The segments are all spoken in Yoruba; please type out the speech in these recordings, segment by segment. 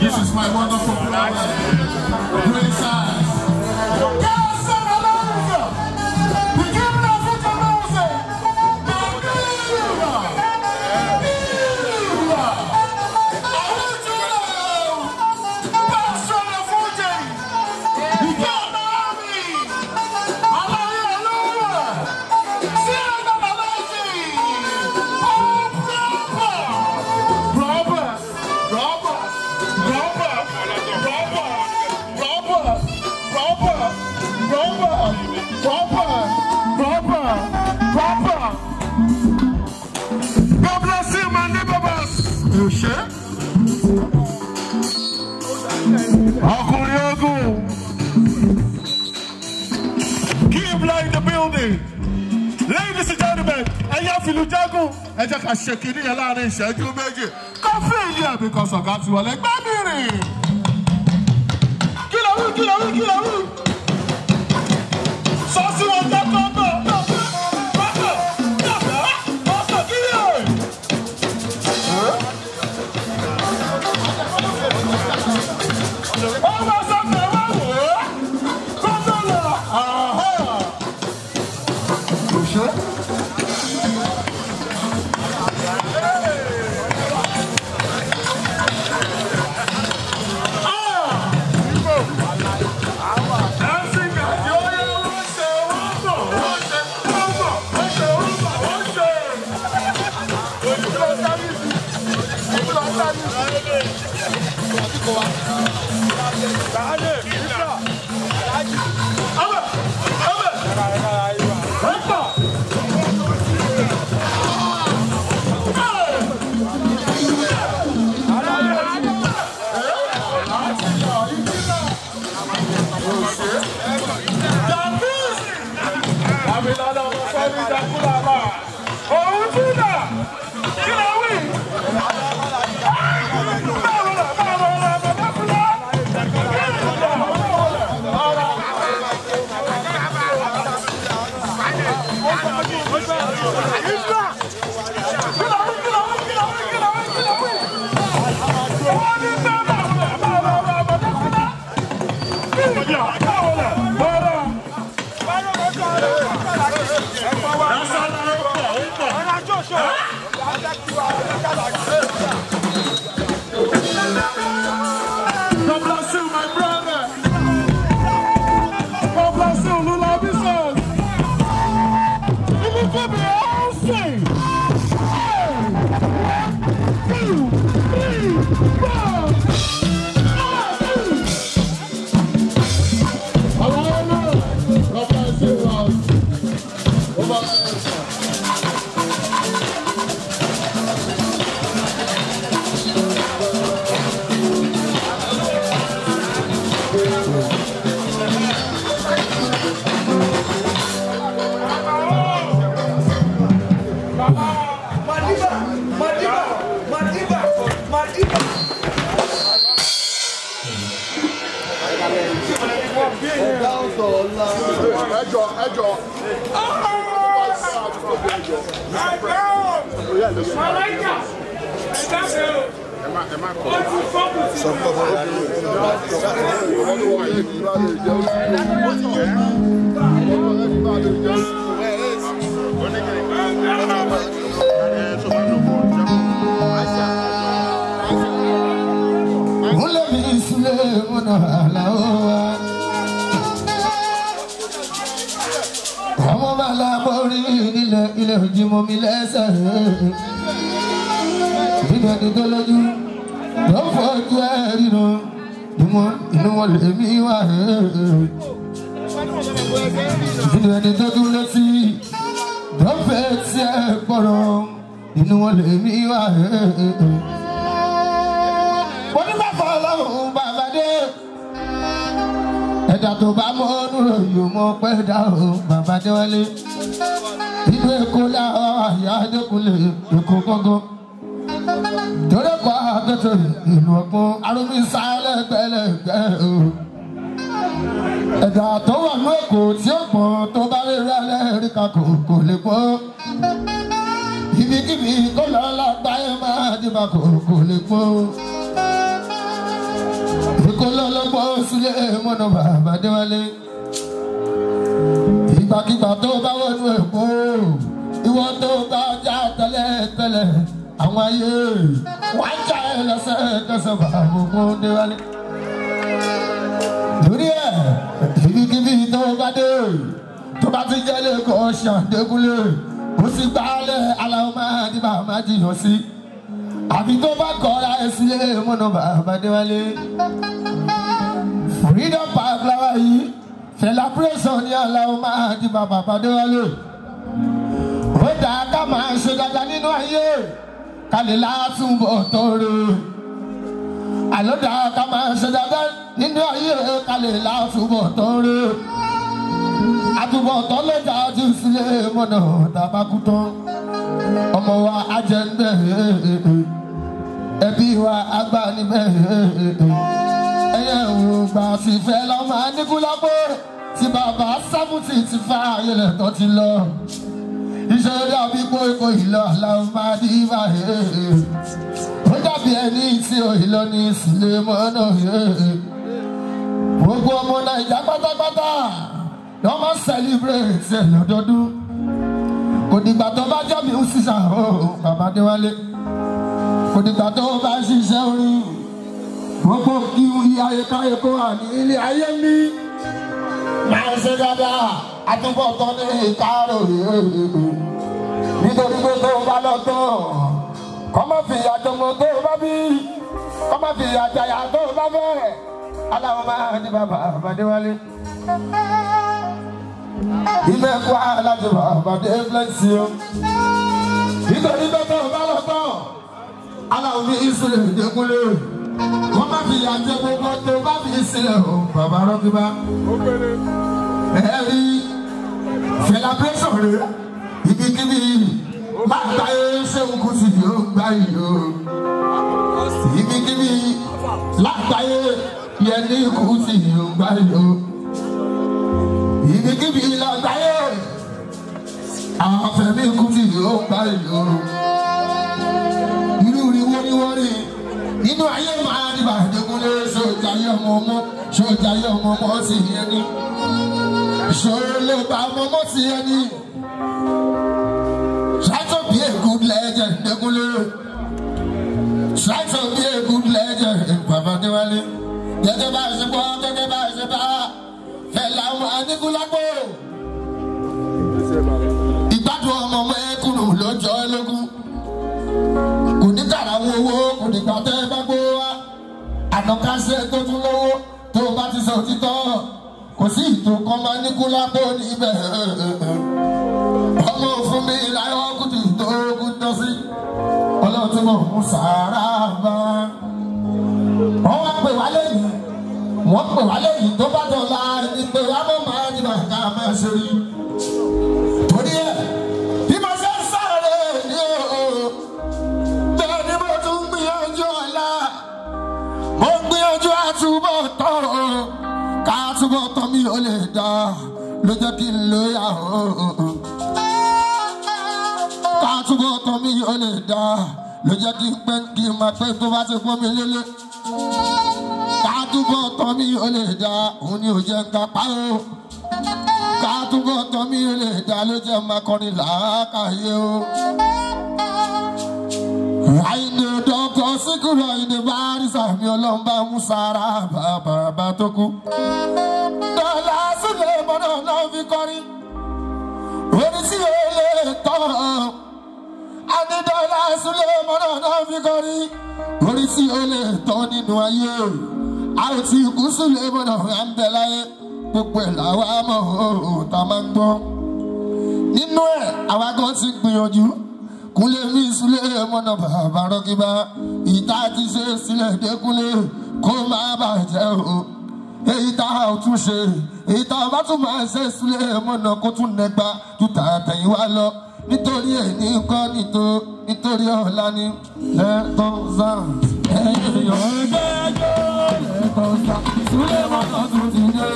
This is my wonderful brother. jẹ́ ká ṣe kínní yẹn láàrin ìṣẹ́jú méjì ká fún èyí àbí kan sọ̀gá ti wọlé gbẹ́mí rìn. kí ló wí kí ló wí kí ló wí. sọ sí wọn tẹ́tọ́ náà. Kí la wí? ẹjọ ẹjọ. ẹjọ mọlẹ́jà ẹ̀ka bẹ̀rù. Ọmọ bàlá borí nílẹ̀ ilẹ̀ òjì mọ́mi lẹ́sẹ̀ ẹni tó lójú tó fojú ẹ ríran inú wọn lè mí wá inú ẹni tó tún létí tó fẹ́ tí ẹ gbọ́rọ̀ inú wọn lè mí wá. mo ní bàbá ọlọ́run bàbá dé ẹ̀dá tó bá mọ́ nùrọ̀ yóò mọ́ pẹ́ dá o bàbá dé wálé ìlú èkó làwọn àyà àdékùnlé èkó gángan torí kọ́ àgẹ́tò ìlú ọ̀gbun arúgbó ìsáyẹ́lẹ̀ gbẹ́lẹ́gbẹ́ o. ẹ̀dà tó wà ní èkó tí ó pọ̀ tó bá rí rẹ́lẹ̀ rí kakò kò lè pọ̀. ibikíbi kó lọ lágbáyé máa dìbà kò kò lè pọ̀. èkó lọ́lọ́gbọ́ sílé mọ́nà bàbá déwálé. ìgbàkigbà tó bá wọnú èkó ìwọ tó bá já tẹ́lẹ̀ tẹ́lẹ̀ àwọn ayé wàá jà ẹ lẹ́sẹ̀ kẹsẹ̀ bá gbogbo déwálé. torí ẹ ibikíbi tó bá dé tó bá ti jẹ́ lẹ́kọ̀ọ́ ṣàǹdékúnlé ó sì gbálẹ̀ aláwọ̀ máa ti bá máa ti yàn sí. àbí tó bá kọ́ra ẹ sílé múnú bàbá déwálé. freedom park láwa yìí celebration ní aláwọ̀ máa ti bá bàbá déwálé. ó dàá ká máa ṣe dáadáa nínú ayé kalẹ̀ lásùn bọ̀ tóró àlọ́dà ká máa ṣe dáadáa nínú ayé rẹ̀ kalẹ̀ lásùn bọ̀ tóró àtúbọ̀tán lọ́jà ti sílé mọ́nà tàbákú tán ọmọ wa ajẹ́ ń bẹ̀ ẹbí wa agbá ni bẹ̀ ẹyẹ wo gbà fìfẹ́ lọ́mọ adigunlápò tí bàbá sábùtì ti fa ayẹlẹ̀ tó ti lọ ṣe dàbí pé kò ìlọ làwọn máa dí bá he ó dàbí ẹni tí ò ní ìsìlẹ̀ mọ́nà he gbogbo ọmọ nàìjà pátápátá lọ́ máa celebrate ẹ̀ lọ́dọọdún kò dìgbà tó bá jẹ́ mi ń ṣiṣẹ́ o bàbá déwálé kò dìgbà tó bá ṣiṣẹ́ orin gbogbo kí ilé ayé káyé kó wà ní ilé ayé mi máa ń ṣe dáadáa àtúbọ̀tán ní ìkárò rèé nítorí pé tó bá lọ tán kọ́mọ́ fìyà jọmọ tó bá bí kọ́mọ́ fìyà jàyà tó bá fẹ́ aláwọ̀ máa ní bàbá àbádéwálé. ilé ẹ̀kọ́ alájọ àbádé fúlẹ́sì o nítorí pé tó bá lọ tán aláwọ̀ ní ìsúlẹ̀ ìdẹ́kúnlé wọ́n má fi yà jẹ tó bá fi sílẹ̀ o bàbá rọ́bíbá ẹ̀rí celebration rẹ̀ ibikíbi má gba se òkú sì fi ó gbá ìlú ibikíbi lágbàáyé yẹn ní ikú sì fi ó gbá ìlú ibikíbi lágbàáyé àwọn afẹ́mi ikú sì fi ó gbá ìlú irú rí wọ́níwọ́ní nínú ayé màá ní bàdégúnlé sójà yẹ ọmọ ọmọ sójà yẹ ọmọ ọmọ sì yẹ ní sọ̀rọ̀ lè ba ọmọ ọmọ sì yẹ ní. Try to be a good legend, Degulu. Try to be a good legend, Papa Diwali. Gẹ́gẹ́ bá ṣe bọ́, gẹ́gẹ́ bá ṣe bá, fẹ̀lá wọn Adékúlápò. Ìgbádùn ọmọ ọmọ ẹkùnù ló jọ ẹ lógún. Kò ní tàrà owó, kò ní gbàtẹ́ bá gbó wá. Ànàkàṣe tó tún lówó tó bá ti sọ òtítọ́. Kò sí ìtò kan máa ní Kúlápò níbẹ̀ kó fún mi láyọ̀ kùtù tó kú tọ́ sí ọlọ́run tí mo mú sàárà bá. wọ́n wá pè wá lẹ́yìn wọ́n pè wá lẹ́yìn tó bá dọ̀la ni pé wá mọ̀ máa ní bàtà máa ṣe rí. torí ẹ̀ bí mo ṣe ń sáré ní o bẹ́ẹ̀ ni mo tún gbìyànjú ọ̀la mo gbìyànjú àtúbọ̀ tọ̀ ká àtúbọ̀ tọ̀ mi ò lè dá ló kí n lóyà o. tí ó lè dá ló jẹ́ kí n pẹ́ kí n máa pẹ́ tó bá ti pọ́n mi lélẹ̀. Káàtúbọ̀ tán mi ó lè dá òun ni ò jẹ́ nǹkan pa o. Káàtúbọ̀ tán mi ó lè dá ló jẹ́ máa kọrin làákàyè o. Àyìnbó dọ́kọ̀ síkúrò àyìnbó bá rí sàmì ọlọ́mbà Musara bàbá bàbá tó kú. Dọ́là sílẹ̀ mọ́nà náà fi kọrin. Orí sí olè tán adédọ́lá súlẹ̀ mọ́nà náà fi kọrí orí tí ó lè tán nínú ayé o a ò ti kú súlẹ̀ mọ́nà à ń bẹ láyé gbogbo ẹ̀ làwa mọ̀ ọ́ ta máa ń gbọ́ nínú ẹ̀ àwa kan ti gbìyànjú kúlẹ̀ mí sílẹ̀ mọ́nà bàbá rọ́gíbá ìta ti ṣe sílẹ̀ dẹ́kúlé kó má bàjẹ́ o èyí tá a tún ṣe èyí tá a bá tún máa ṣe sílẹ̀ mọ́nà kó tún nẹgbà tó tà tẹ̀yìn wá lọ nítorí ẹ̀ ní kọ́ nítorí ọ̀la ni ẹ tó ń sá ẹ̀yìn ọ̀gbẹ́ ẹjọ́ tún ti dé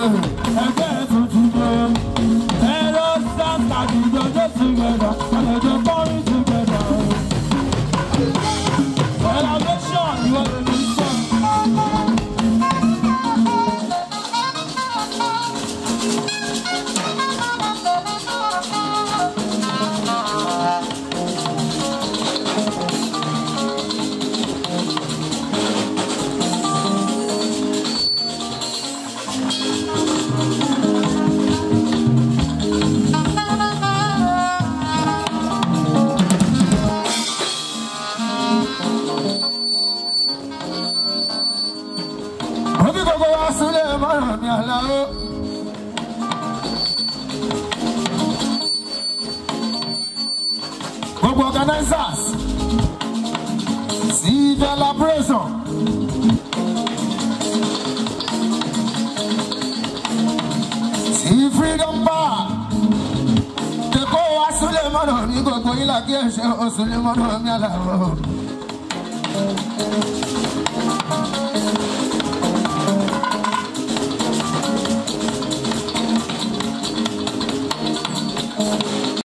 ẹgbẹ́ tún ti dé ẹ̀rọ sáńtà ìjọjọ́ ti gbẹ̀dọ̀ àlejò kọ́rin ti gbẹ̀dọ̀. Celebration, you are kí ẹ̀ṣẹ̀ oṣù ní